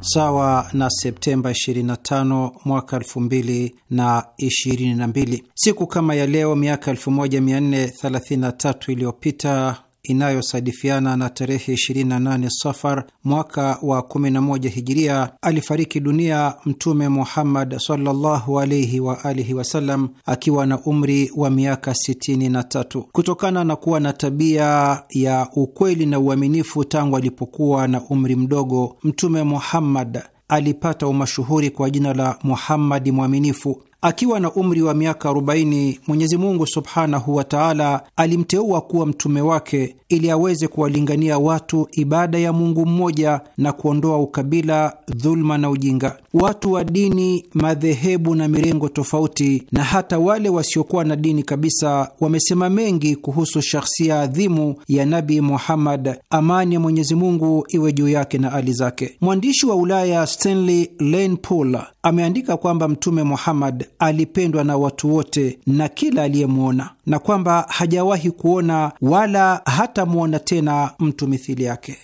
sawa na Septemba 25 mwaka 2022. Siku kama ya leo miaka 1433 iliyopita inayosadifiana na tarehe 28 Safar mwaka wa 11 Hijiria, alifariki dunia Mtume Muhammad sallallahu alaihi wa alihi wasallam akiwa na umri wa miaka 63. Kutokana na kuwa na tabia ya ukweli na uaminifu tangu alipokuwa na umri mdogo, Mtume Muhammad alipata umashuhuri kwa jina la Muhammadi Mwaminifu. Akiwa na umri wa miaka 40 Mwenyezi Mungu subhanahu wa taala alimteua kuwa mtume wake ili aweze kuwalingania watu ibada ya Mungu mmoja na kuondoa ukabila, dhuluma na ujinga. Watu wa dini, madhehebu na mirengo tofauti, na hata wale wasiokuwa na dini kabisa, wamesema mengi kuhusu shakhsia adhimu ya Nabi Muhammad, amani ya Mwenyezi Mungu iwe juu yake na ali zake. Mwandishi wa Ulaya Stanley Lane Poole ameandika kwamba Mtume Muhammad alipendwa na watu wote na kila aliyemwona, na kwamba hajawahi kuona wala hatamwona tena mtu mithili yake.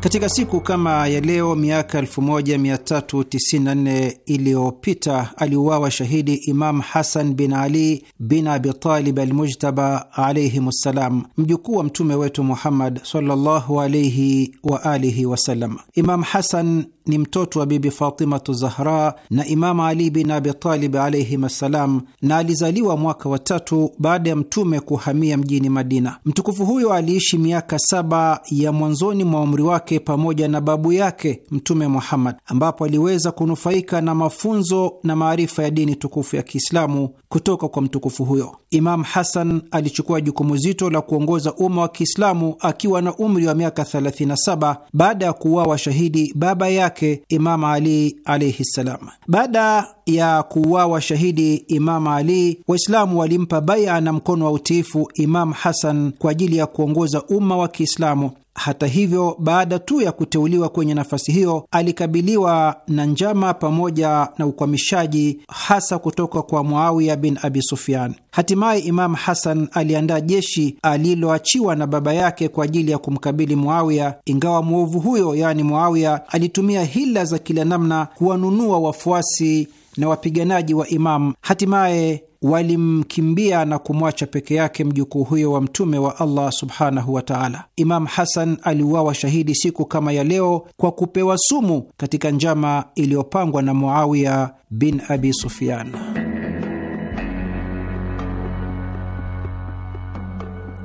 Katika siku kama ya leo miaka 1394 iliyopita aliuawa shahidi Imam Hasan bin Ali bin Abitalib Almujtaba alaihim ssalam, mjukuu wa mtume wetu Muhammad sallallahu alaihi wa alihi wasallam. Imam Hasan ni mtoto wa Bibi Fatimatu Zahra na Imam Ali bin Abitalib alaihim assalam, na alizaliwa mwaka wa tatu baada ya mtume kuhamia mjini Madina. Mtukufu huyo aliishi miaka saba ya mwanzoni mwa umri wake wake pamoja na babu yake Mtume Muhammad, ambapo aliweza kunufaika na mafunzo na maarifa ya dini tukufu ya Kiislamu kutoka kwa mtukufu huyo. Imam Hasan alichukua jukumu zito la kuongoza umma wa Kiislamu akiwa na umri wa miaka 37 baada ya kuuawa shahidi baba yake Imam Ali alaihi ssalam. Baada ya kuuawa shahidi Imam Ali, Waislamu walimpa baia na mkono wa utiifu Imam Hasan kwa ajili ya kuongoza umma wa Kiislamu. Hata hivyo, baada tu ya kuteuliwa kwenye nafasi hiyo, alikabiliwa na njama pamoja na ukwamishaji, hasa kutoka kwa Muawiya bin Abi Sufyan. Hatimaye Imam Hasan aliandaa jeshi aliloachiwa na baba yake kwa ajili ya kumkabili Muawiya, ingawa mwovu huyo, yaani Muawiya, alitumia hila za kila namna kuwanunua wafuasi na wapiganaji wa Imam, hatimaye walimkimbia na kumwacha peke yake mjukuu huyo wa mtume wa Allah subhanahu wa taala. Imam Hasan aliuawa shahidi siku kama ya leo kwa kupewa sumu katika njama iliyopangwa na Muawiya bin Abi Sufyan.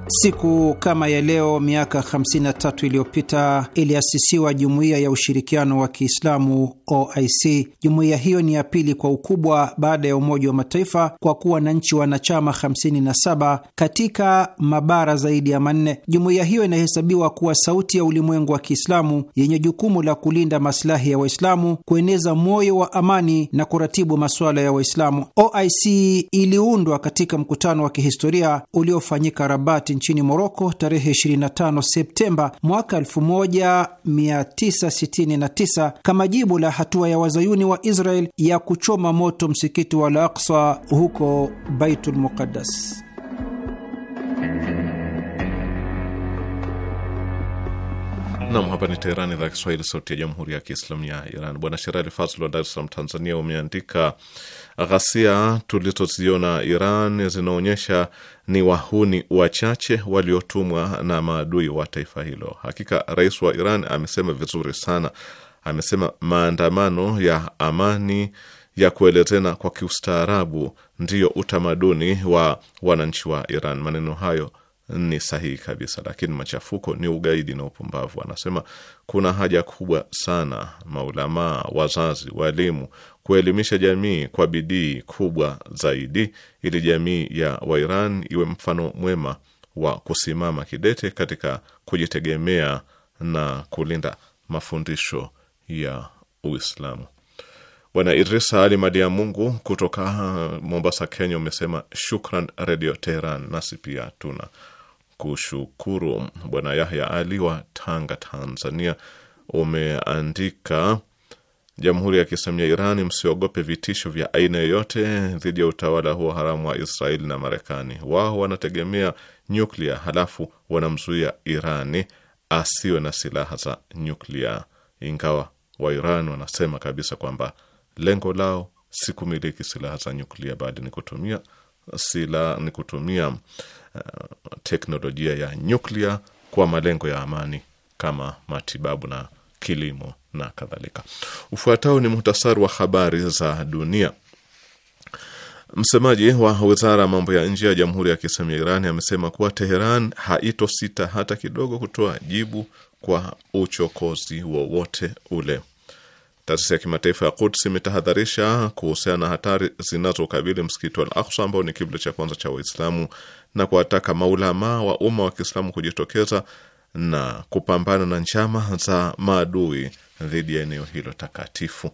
Siku kama ya leo miaka 53 iliyopita iliasisiwa Jumuiya ya Ushirikiano wa Kiislamu OIC. Jumuiya hiyo ni ya pili kwa ukubwa baada ya Umoja wa Mataifa kwa kuwa na nchi wanachama 57 katika mabara zaidi ya manne. Jumuiya hiyo inahesabiwa kuwa sauti ya ulimwengu wa Kiislamu yenye jukumu la kulinda masilahi ya Waislamu, kueneza moyo wa amani na kuratibu masuala ya Waislamu. OIC iliundwa katika mkutano wa kihistoria uliofanyika Rabati nchini Moroko tarehe 25 Septemba mwaka 1969 kama jibu la hatua ya wazayuni wa Israel ya kuchoma moto msikiti wa Al-Aqsa huko Baitul Muqaddas. Nam, hapa ni Teherani, idhaa Kiswahili, sauti ya jamhuri ya kiislamu ya Iran. Bwana Sherali Fazl wa Dar es Salaam, Tanzania, umeandika ghasia tulizoziona Iran zinaonyesha ni wahuni wachache waliotumwa na maadui wa taifa hilo. Hakika rais wa Iran amesema vizuri sana amesema maandamano ya amani ya kuelezena kwa kiustaarabu ndiyo utamaduni wa wananchi wa Iran. Maneno hayo ni sahihi kabisa, lakini machafuko ni ugaidi na upumbavu. Anasema kuna haja kubwa sana maulamaa, wazazi, walimu kuelimisha jamii kwa bidii kubwa zaidi, ili jamii ya Wairan iwe mfano mwema wa kusimama kidete katika kujitegemea na kulinda mafundisho ya Uislamu. Bwana Idrisa Ali Madi ya Mungu kutoka uh, Mombasa, Kenya, umesema shukran Redio Teheran. Nasi pia tuna kushukuru. Bwana Yahya Ali wa Tanga, Tanzania, umeandika Jamhuri ya Kiislamu ya Iran, msiogope vitisho vya aina yoyote dhidi ya utawala huo haramu wa Israeli na Marekani. Wao wanategemea nyuklia, halafu wanamzuia Irani asiwe na silaha za nyuklia ingawa wairan wanasema kabisa kwamba lengo lao si kumiliki silaha za nyuklia bali ni kutumia sila ni kutumia uh, teknolojia ya nyuklia kwa malengo ya amani kama matibabu na kilimo na kadhalika. Ufuatao ni muhtasari wa habari za dunia. Msemaji wa wizara ya mambo ya nje ya Jamhuri ya Kiislamu ya Iran amesema kuwa Teheran haito sita hata kidogo kutoa jibu kwa uchokozi wowote ule. Taasisi ya kimataifa ya Quds imetahadharisha kuhusiana na hatari zinazokabili msikiti wa Al-Aqsa ambao ni kibla cha kwanza cha Waislamu na kuwataka maulamaa wa umma wa Kiislamu kujitokeza na kupambana na njama za maadui dhidi ya eneo hilo takatifu.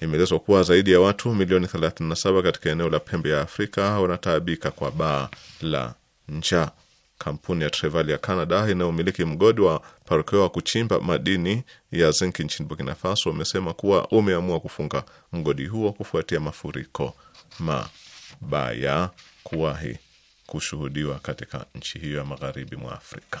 Imeelezwa kuwa zaidi ya watu milioni 37 katika eneo la pembe ya Afrika wanataabika kwa baa la njaa. Kampuni ya Trevali ya Canada inayomiliki mgodi wa parokeo wa kuchimba madini ya zinki nchini Burkina Faso wamesema kuwa umeamua kufunga mgodi huo kufuatia mafuriko mabaya kuwahi kushuhudiwa katika nchi hiyo ya magharibi mwa Afrika.